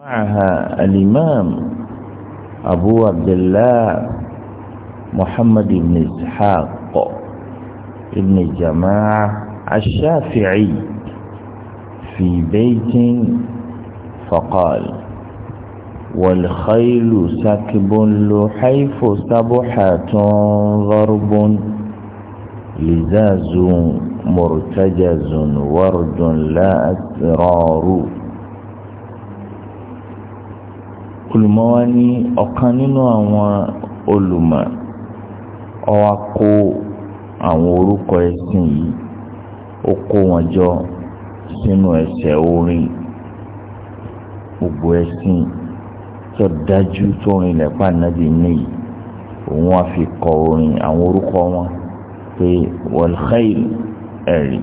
معها الإمام أبو عبد الله محمد بن إسحاق بن الجماعة الشافعي في بيت فقال والخيل سكب لحيف سبحة ضرب لزاز مرتجز ورد لا أسرار olùmọ̀ wa ní ọ̀kan nínú àwọn olùmọ̀ ọwa kó àwọn orúkọ ẹ̀sìn yìí ó kó wọn jọ sínú ẹsẹ̀ orin gbogbo ẹ̀sìn tó dájú tó rinlẹ̀ pàǹdàbí níyì òun wá fi kọ orin àwọn orúkọ wọn pé wọlxẹyìn ẹ̀rí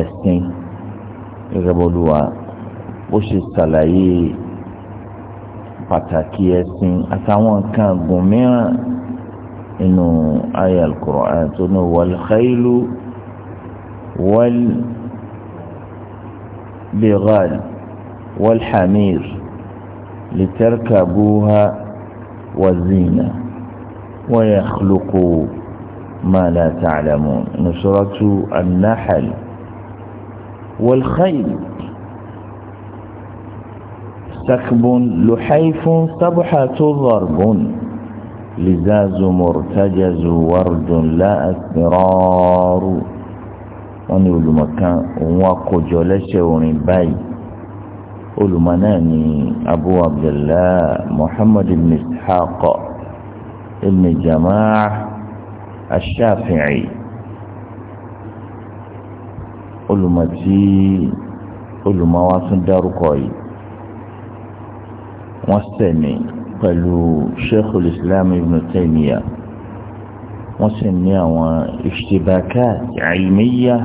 ẹ̀sìn gẹ́gẹ́ bọlúwa ó ṣe ṣàlàyé. pàtàkì ẹ̀sìn àtàwọn nǹkan àgùn mìíràn ayé alukoro al-Qur'an tó ní wọ́lẹ̀ xeyìlú wọ́lẹ̀ bighal wọ́lẹ̀ hamir litarkabuha wa zina wa xlùkù ma la ta'lamun ní suratu an-Nahl wal سكب لحيف صبحة ضرب لزاز مرتجز ورد لا أسرار wọ́n ní olùmọ̀ kan òun akójọ lẹ́sẹ̀ orin báyìí olùmọ̀ náà ni abu abdullah muhammad ibn ishaq ibn jamaa ashafi'i olùmọ̀ tí olùmọ̀ wa tún dárúkọ yìí wọ́n sẹ̀mí pẹ̀lú sheikhul islam ibn taymiyyah wọ́n sì ní àwọn ishtibakat ilmiya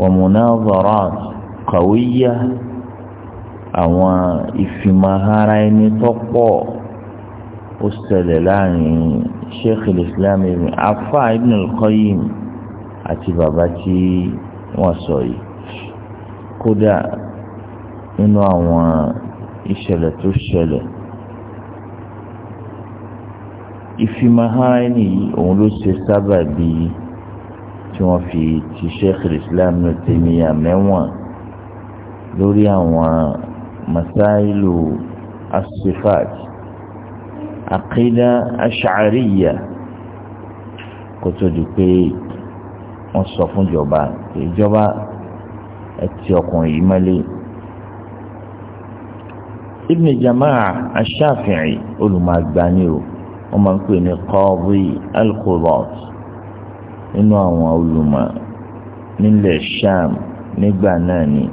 wa munadarat qawiya àwọn ìfìmọ̀hara ẹni tó pọ̀ ó ṣẹlẹ̀ láàrin sheikh islam ibn afa ibn al-qayyim àti bàbá tí wọ́n sọ yìí kódà nínú àwọn ìṣẹ̀lẹ̀ tó ṣẹlẹ̀ ìfimahàn ẹni yìí òun ló ṣe sábà bíi tí wọ́n fi ti sheikh islam náà tẹ̀míyà mẹ́wọ̀n lórí àwọn masáìlú asifat àkídá aṣàríyà kó tó di pé wọ́n sọ fún ìjọba ìjọba ẹ ti ọkùnrin yìí mọ́lẹ̀ ibn jamaa aṣáfìrì olùmọ̀gbani o wọ́n máa ń pè ní kọ́ọ̀bì alkobot nínú àwọn olùmọ̀ nílẹ̀ sham nígbà náà ni.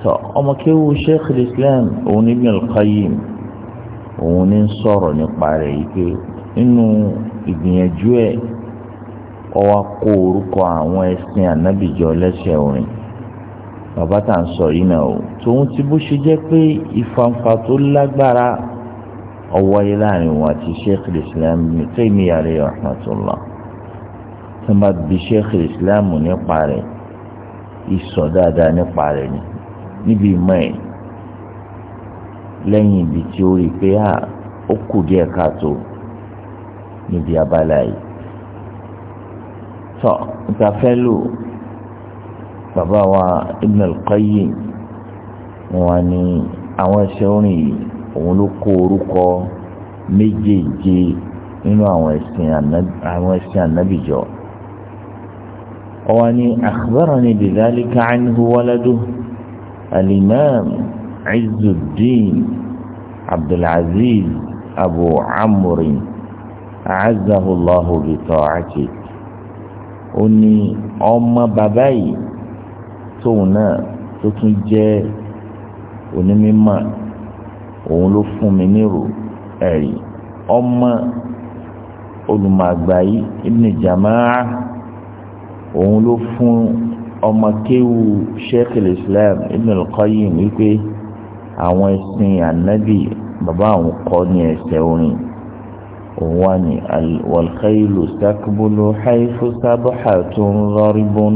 tọ́ ọmọ kéwu sheikh islam òun ní ibn al-qayyim òun ní sọ̀rọ̀ nípa rẹ̀ yìí pé nínú ìgbìyànjú ẹ̀ ọwọ́ kó orúkọ àwọn ẹ̀sìn ànábìjọ lẹ́sẹ̀ orin bàbá tá à ń sọ yìí náà o tòun ti bó ṣe jẹ́ pé ìfànfà tó lágbára ọwọ́ yìí láàrin wọn àti sheikh islam tẹ́mi alayhi rahmatullah tó ń bá bi sheikh islam nípa rẹ̀ ìsọ dáadáa nípa rẹ̀ ni níbi ìmọ̀ ẹ̀ lẹ́yìn ibi tí ó rí i pé ah, ó kù díẹ̀ káàtó níbi abala yìí tọ́ nípa fẹ́ lò bàbá wa Ibn al-Qayyim wọn ni àwọn ẹsẹ̀ orin yìí òun ló kó orúkọ méjèèje nínú àwọn ẹsẹ̀ ànábì jọ wọn ni akhbarani bidhalika anhu waladuhu al-Imam Izzuddin Abdulaziz Abu Amr a'azzahu Allahu bi ta'atihi ó ọmọ bàbá yìí tóun náà tó tún jẹ́ onímọ̀ òun ló fún mi nírò ẹ̀rí ọmọ olùmọ̀gbà yìí Ibn Jama'a òun ló fún ọmọ kéwu Sheikh al-Islam Ibn al wípé àwọn ẹ̀sìn ànábì bàbá àwọn kọ́ ní ẹsẹ̀ orin òun wà ní wal khaylu takbulu haythu sabhatun gharibun.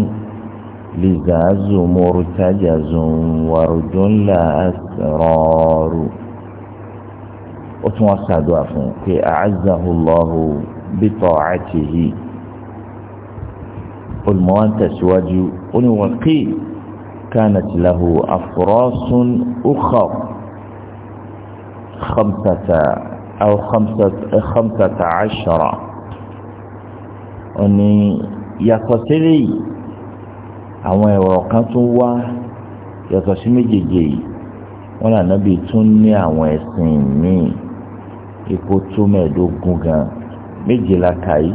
لزاز مرتجز ورد لا أسرار أتوسع دعفه كي أعزه الله بطاعته قل الموان تسواج وقي كانت له أفراس أخر خمسة أو خمسة, خمسة عشر أني يقتلي àwọn ọ̀rọ̀ kan tún wá yàtọ̀ sí méjèèjì yìí wọn là nábì tún ní àwọn ẹ̀sìn míì ipò tó mẹ́ẹ̀ẹ́dógún gan méje la kà yìí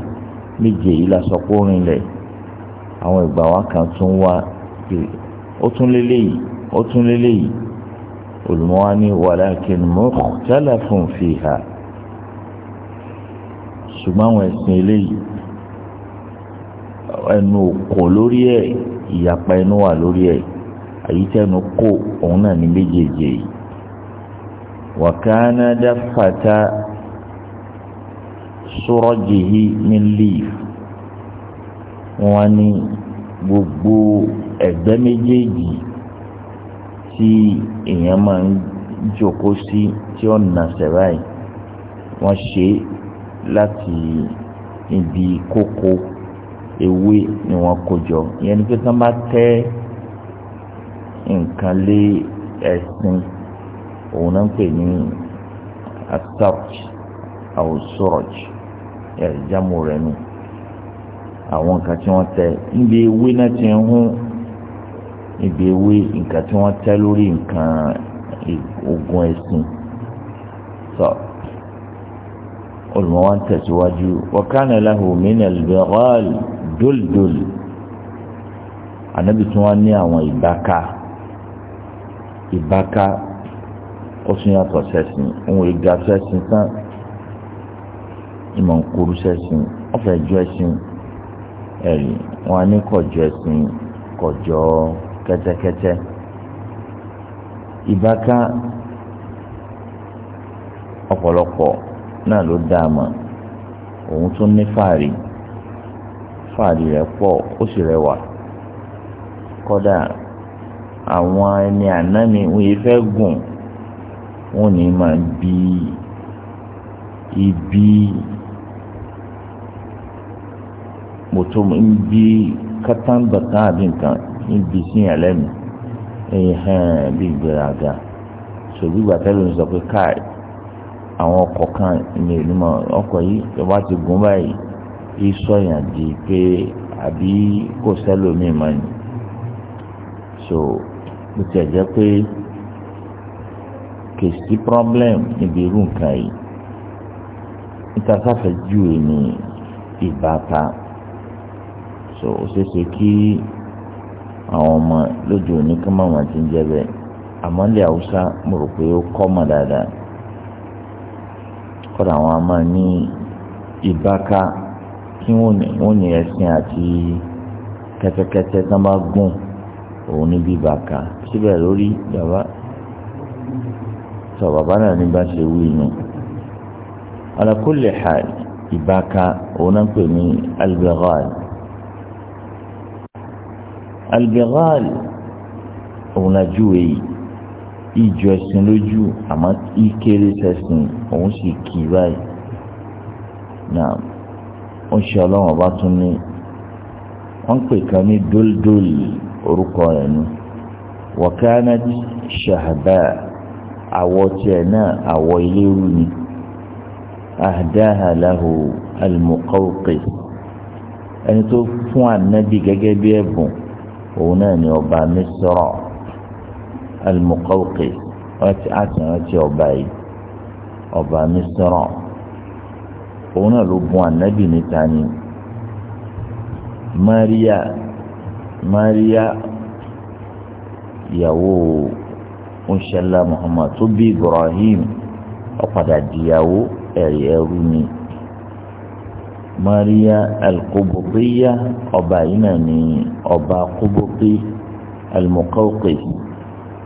méje yìí la sọ pé ó rinlẹ̀ àwọn ìgbà wa kan tún wá ó tún lélẹ́yìí ó tún lélẹ́yìí olùmọ́wání walakin mukhtalafun fiha ṣùgbọ́n àwọn ẹ̀sìn eléyìí ẹnu kò lórí ẹ̀ ìyapa inú wà lórí ẹ̀ èyí tẹnu kó òun náà ní méjèèjì yìí wàkánná dáfàtà sọ́rọ́jìhì ní leaf wọ́n ní gbogbo ẹ̀gbẹ́ méjèèjì tí èèyàn máa ń jókòó sí tí ó nà sẹ́ráì wọn ṣe láti ibi kókó. ewé ni wọ́n kó jọ ìyẹn ni pé tí wọ́n bá tẹ́ nǹkan lé ẹ̀sìn òun náà ń pè ní asapj àwòsọrọj ẹ̀ẹ́dìjámù rẹ̀ nù àwọn nǹkan tí wọ́n tẹ níbi ewé náà ti ń hún níbi ewé nǹkan tí wọ́n tẹ lórí nǹkan ogun ẹ̀sìn sọ. So, olùmọ̀wá ń tẹ̀síwájú wakana lahu min al-bighal duldul ànábì tí wọ́n ní àwọn ìbáka ìbáka ó tún yàtọ̀ sẹ́sìn òun ìgbà sẹ́sìn tán ìmọ̀ nkuru sẹ́sìn ọ̀fẹ́ jọ ẹ̀sìn ẹ̀rì wọn á ní kọjọ ẹ̀sìn kọjọ kẹ́tẹ́kẹ́tẹ́ ìbáka ọ̀pọ̀lọpọ̀ náà ló dáa mọ̀ òun tún ní fàárì fàárì rẹ̀ pọ̀ ó sì rẹwà kódà àwọn ẹni àná mi wọ́n yìí fẹ́ gùn wọ́n ní máa bí ibi mọ̀tò ń bí kátàǹbàtà àbí nǹkan ń bí sí ẹlẹ́mìí ẹ̀hẹ́n bí ìgbéraga ṣògbígbà tẹ́lẹ̀ ń sọ pé káàdì àwọn ọkọ̀ kan ìyẹn ìlú mọ̀ ọkọ̀ yìí tó bá ti gùn báyìí kí sọ̀yàn di pé àbí kò sẹ́lòmíì mọ́ ni so bó tiẹ̀ jẹ́ pé kò sí problem níbi irú nǹkan yìí níta sáfẹ́ júwe ní ìbáta so ó ṣeé ṣe kí àwọn ọmọ lójú òní kí wọ́n máa ti ń jẹ bẹ́ẹ̀ àmọ́ ilé haúsá mo rò pé ó kọ́ mọ̀ dáadáa kọ́ra àwọn a máa ní ìbáka kí wọ́n ní ẹṣin àti kẹ́tẹ́kẹ́tẹ́ tán bá gùn òun ní bí bàkà síbẹ̀ lórí bàbá sọ bàbá náà ní bá ṣe wí inú ala ìbáka òun náà pè ní albeghal albeghal òun náà júwe yìí ìjọ ẹ̀sìn lójú àmọ́ ìkéré sẹ́sìn òun sì kì í báyìí náà ó ṣe ọlọ́run ọba tún ní wọ́n pè kan ní dóldóòlì orúkọ rẹ̀ ni wakanat ṣàhàbà àwọ̀ tiẹ̀ náà àwọ̀ eléru ni ahdaha lahu ẹni tó fún ànábì gẹ́gẹ́ bí ẹ̀bùn òun náà ni ọba mísírọ̀ al-Muqawqi ọtí àtúnrántí ọba yìí ọba mísírọ̀ òun náà ló bùn ànábì níta ni Maria Maria ìyàwó oṣiṣẹ́lá Muhammad tó bí Ibrahim ọ̀padà dìyàwó ẹ̀rí ẹrú ni Maria al-Qubtiya ọba yìí ni ọba Qubti al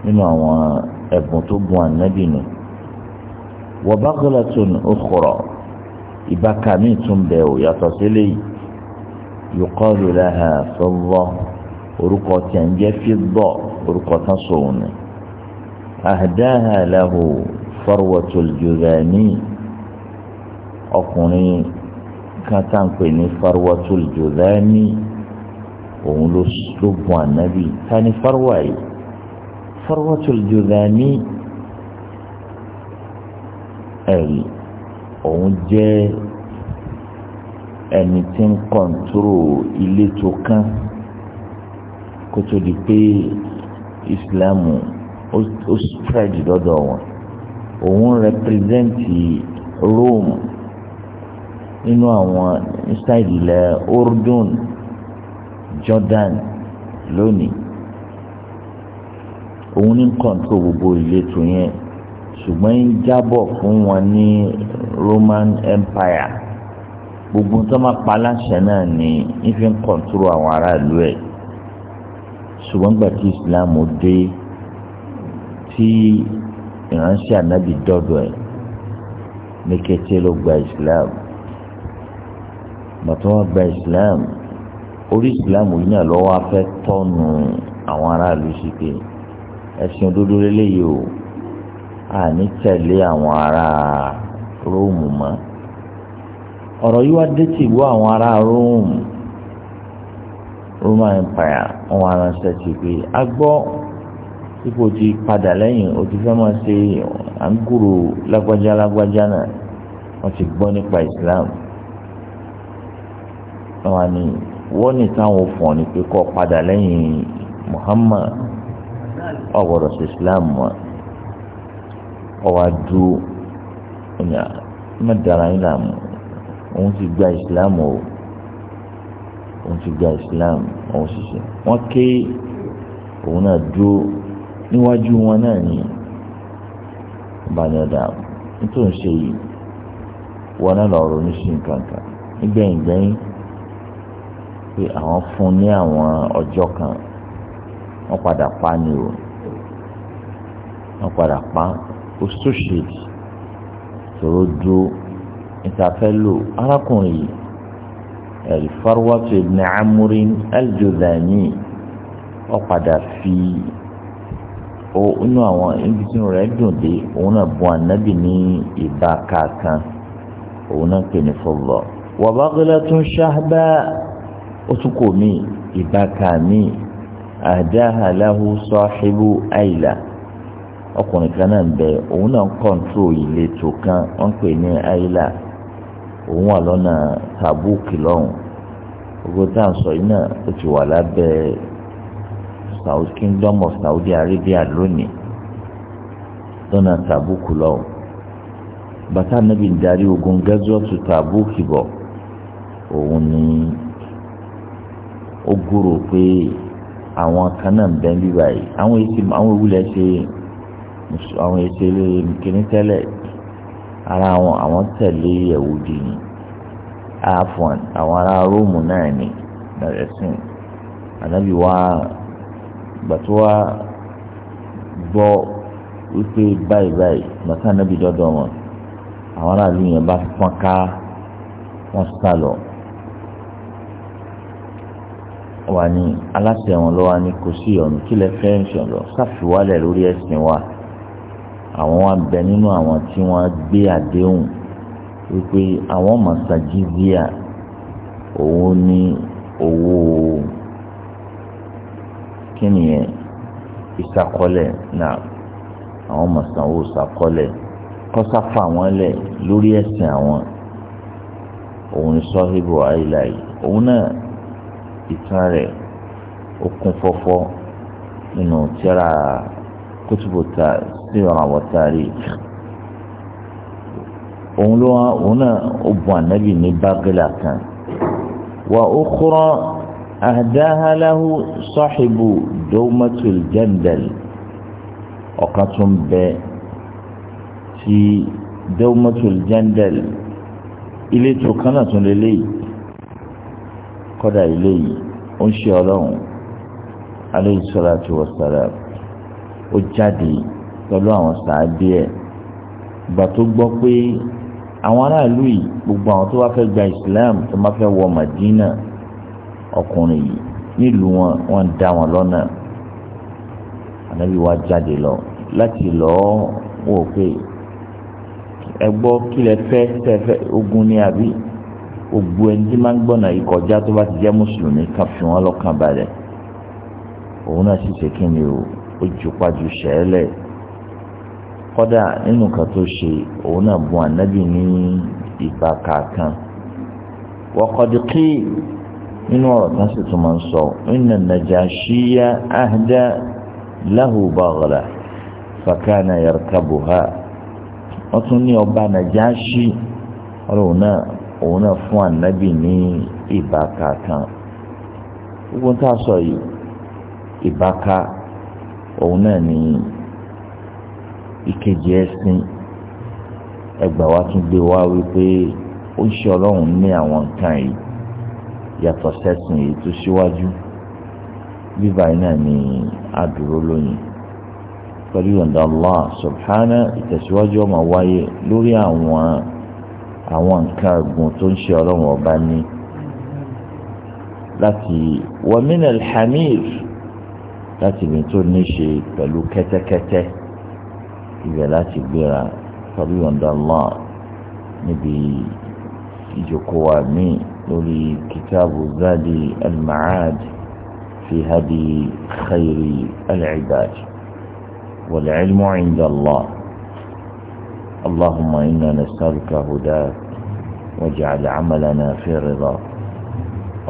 nínú àwọn ẹ̀bùn tó gun ànábì nù wa baghlatun ukhra ìbáka míì tún bẹ̀ ò yàtọ̀ sílẹ̀ yìí yuqalu laha fidda orúkọ tí a ń jẹ́ fidda orúkọ tán sòun ni ahdaha lahu farwatul juzani ọkùnrin kan ní farwatul juzani òun ló gun ànábì ta ni farwa yìí fọ́rọ́tùl jùdání ẹ̀rí òun jẹ́ ẹni tí ń kọ̀ǹtúrò ilé tó kán kó tó di pé ìsìlámù ó spread lọ́dọ̀ wọn òun rẹpírẹ́sẹ̀ntì Rome nínú àwọn inside ilẹ̀ Urdun Jordan lónìí òun ní kọ̀ǹtò gbogbo ìletò yẹn ṣùgbọ́n ń jábọ̀ fún wọn ní Roman Empire gbogbo tó máa pa aláṣẹ náà ní ife ń kọ̀ǹtúrò àwọn aráàlú ẹ̀ ṣùgbọ́n gbà tí Islam dé tí ìránṣẹ́ ànábì dọ́dọ̀ ẹ̀ ní kété ló gba Islam bàtọ́ wọn gba Islam orí Islam yìí náà lọ́wọ́ afẹ́ tọ́nu àwọn aráàlú sí pé ẹ̀sìn òdodo lélẹ́yìí o àní tẹ̀lé àwọn ará róòmù mọ́ ọ̀rọ̀ yìí wá dé tì gbọ́ àwọn ará róòmù roman empire wọn wá ránṣẹ́ sí pé a gbọ́ ipò ti padà lẹ́yìn o ti fẹ́ máa ṣe à lágbájá lágbájá náà wọ́n ti gbọ́ nípa islam wọn ni wọ́n ní táwọn fọ̀ ni pé kọ́ padà lẹ́yìn muhammad ọ̀gbọ̀dọ̀ sí islam wọn ọwọ́ adú ọ̀nà mẹ́tara yín làmú òun ti gba islam o òun ti gba islam òun sì ṣe wọ́n ké òun náà dúró níwájú wọn náà ní ìbànújẹ́ nítorí ṣe yìí wọn náà lọ ronú sí nǹkan kan nígbẹ̀yìn gbẹ̀yìn pé àwọn fún ní àwọn ọjọ́ kan wọ́n padà pa ni o wọ́n padà pa ó sọ́ṣẹ́dì sọ̀rọ̀ dúró ìtafẹ́lò arákùnrin yìí Al-Farwat ibn Amrin Al-Juzani wọ́n padà fi ó inú àwọn ibi rẹ̀ dùn dé òun náà bu ànábì ní ìbá kankan òun náà pè ní fọlọ wàbá gbẹlẹ tún ó tún kò mí ìbá kàmí. àdáhà láhu sọ́ọ́hìbù àìlà ọkùnrin kan náà bẹ òun náà ń kọ́ńtró ìletò kan wọ́n pè ní àìlà òun wà lọ́nà tàbúùkì lọ́hùn gbogbo tá à ń sọ yìí South Kingdom of Saudi Arabia lónìí lọ́nà tàbúùkì lọ́hùn bàtà níbi ìdarí ogun tàbúùkì bọ̀ òun ni ó gbúrò àwọn kan náà ń bẹ ń bí báyìí àwọn èsì àwọn ewúlẹ̀ ṣe àwọn èsì kìíní tẹ́lẹ̀ ara àwọn àwọn tẹ̀lé Yẹ̀wùdì ni afọn àwọn ará róòmù náà ni ẹ̀sìn ànábì wa gbàtọ́ wa gbọ́ wípé báyìí báyìí gbàtà ànábì dọ́dọ̀ wọn àwọn aráàlú yẹn bá fọ́n ká wọ́n sá lọ wà ní aláṣẹ wọn lọ́wọ́ ni kò sí ọ̀nà kí lẹ fẹ́ ṣàn lọ ṣàfiwálẹ̀ lórí ẹ̀sìn wa àwọn wa bẹ nínú àwọn tí wọ́n gbé àdéhùn wípé àwọn màsàjíríà òun ní owó kínìyẹn ìsàkọlẹ̀ náà àwọn màsàwò sàkọlẹ̀ kọ́sáfà wọn lẹ̀ lórí ẹ̀sìn àwọn òun sọ́híbù àìláì òun náà ìtàn rẹ̀ ó kún fọ́fọ́ nínú tírà kutubu ta síra wọ taari òun ló wá òun náà ó bu ànábì ní bágìlà kan wà ó kúrọ́ àdáhàláhù sọ́ọ̀hìbù dọ́wọ́mọ́tòl jẹ́ndẹ̀l ọ̀kan tún bẹ tí dọ́wọ́mọ́tòl jẹ́ndẹ̀l ilé tó kan náà lélẹ́yìí kọ́dà ilé yìí ó ń ṣe ọlọ́run alayhi salatu wassalam ó jáde pẹ̀lú àwọn sàádé ẹ̀ ìgbà tó gbọ́ pé àwọn aráàlú yìí gbogbo àwọn tó wá fẹ́ gba islam tó má fẹ́ wọ madina ọkùnrin yìí nílùú wọn wọn dá wọn lọ́nà ànábì wa jáde lọ láti lọ́ọ́ wò pé ẹ gbọ́ kí lẹ fẹ́ fẹ́ ogun ní àbí ogbu ẹni tí tó bá ti jẹ́ mùsùlùmí kan fi balẹ̀ òun náà sì ṣe kí o ó ju pàjù sẹ́ẹ̀lẹ̀ kọ́dà nínú kan tó ṣe òun náà bu ànábì ní ìgbà nínú ọ̀rọ̀ kan sì tún máa ń sọ inna najashiya ahda lahu baghla fakana yarkabuha wọ́n tún ní ọba òun náà fún ànábì ní ìbáka kan gbogbo tá a sọ yìí ìbáka òun náà ní ìkejì ẹ̀sìn ẹgbàá wa tún gbé wá wípé ó ń ṣe ọlọ́run ní àwọn nǹkan yìí yàtọ̀ sẹ́sìn èyí tó síwájú bíbá yìí náà ní àdúró lónìí pẹ̀lú ìyọ̀ǹda Allah subhana ìtẹ̀síwájú ọmọ wáyé lórí àwọn àwọn nǹkan àgùn tó ń ṣe ọlọ́run ọba ní láti wàmínà alhamir láti ibi tó ní ṣe pẹ̀lú kẹ́tẹ́kẹ́tẹ́ ibẹ̀ láti gbéra tàbí yọ̀ǹda Allah níbi ìjókòó wa míì lórí kìtàbù zadi al-ma'ad fi hadi khayri al-ibad wal ilmu inda Allah. اللهم إنا نسألك هداك واجعل عملنا في رضاك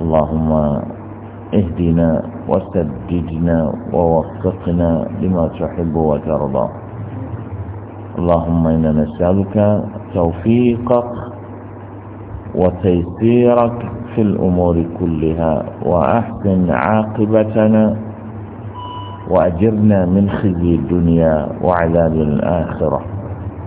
اللهم اهدنا وسددنا ووفقنا لما تحب وترضى اللهم إنا نسألك توفيقك وتيسيرك في الأمور كلها وأحسن عاقبتنا وأجرنا من خزي الدنيا وعذاب الآخرة